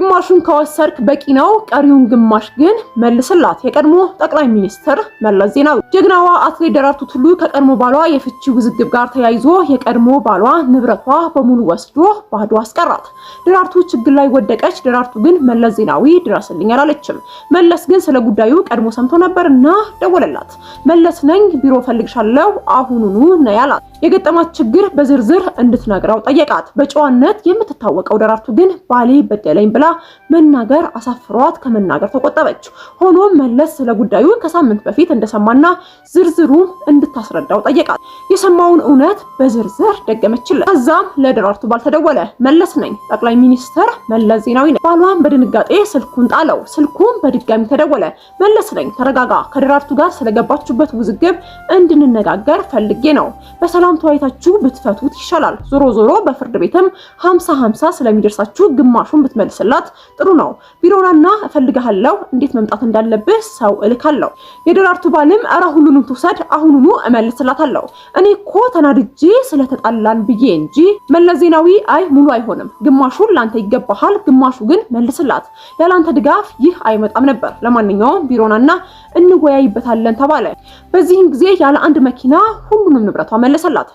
ግማሹን ከወሰድክ በቂ ነው፣ ቀሪውን ግማሽ ግን መልስላት። የቀድሞ ጠቅላይ ሚኒስትር መለስ ዜናዊ። ጀግናዋ አትሌት ደራርቱ ቱሉ ከቀድሞ ባሏ የፍቺ ውዝግብ ጋር ተያይዞ የቀድሞ ባሏ ንብረቷ በሙሉ ወስዶ ባዶ አስቀራት። ደራርቱ ችግር ላይ ወደቀች። ደራርቱ ግን መለስ ዜናዊ ድረስልኝ አላለችም። መለስ ግን ስለ ጉዳዩ ቀድሞ ሰምቶ ነበር እና ደወለላት። መለስ ነኝ፣ ቢሮ ፈልግሻለሁ፣ አሁኑኑ ነይ አላት። የገጠማት ችግር በዝርዝር እንድትነግረው ጠየቃት። በጨዋነት የምትታወቀው ደራርቱ ግን ባሌ በደለኝ ብላ መናገር አሳፍሯት ከመናገር ተቆጠበች። ሆኖም መለስ ስለ ጉዳዩ ከሳምንት በፊት እንደሰማና ዝርዝሩ እንድታስረዳው ጠየቃት። የሰማውን እውነት በዝርዝር ደገመችለት። ከዛም ለደራርቱ ባል ተደወለ። መለስ ነኝ፣ ጠቅላይ ሚኒስትር መለስ ዜናዊ ነኝ። ባሏን በድንጋጤ ስልኩን ጣለው። ስልኩም በድጋሚ ተደወለ። መለስ ነኝ፣ ተረጋጋ፣ ከደራርቱ ጋር ስለገባችሁበት ውዝግብ እንድንነጋገር ፈልጌ ነው በሰላም በሰላም ተወያይታችሁ ብትፈቱት ይሻላል። ዞሮ ዞሮ በፍርድ ቤትም ሀምሳ ሀምሳ ስለሚደርሳችሁ ግማሹን ብትመልስላት ጥሩ ነው። ቢሮናና እፈልግሃለሁ፣ እንዴት መምጣት እንዳለብህ ሰው እልካለሁ። የደራርቱ ባልም እረ ሁሉንም ትውሰድ፣ አሁኑኑ እመልስላታለሁ። እኔ እኮ ተናድጄ ስለተጣላን ብዬ እንጂ መለስ ዜናዊ አይ ሙሉ አይሆንም፣ ግማሹን ላንተ ይገባሃል፣ ግማሹ ግን መልስላት። ያላንተ ድጋፍ ይህ አይመጣም ነበር። ለማንኛውም ቢሮናና እንወያይበታለን ተባለ። በዚህም ጊዜ ያለ አንድ መኪና ሁሉንም ንብረቷ መለሰላት። platt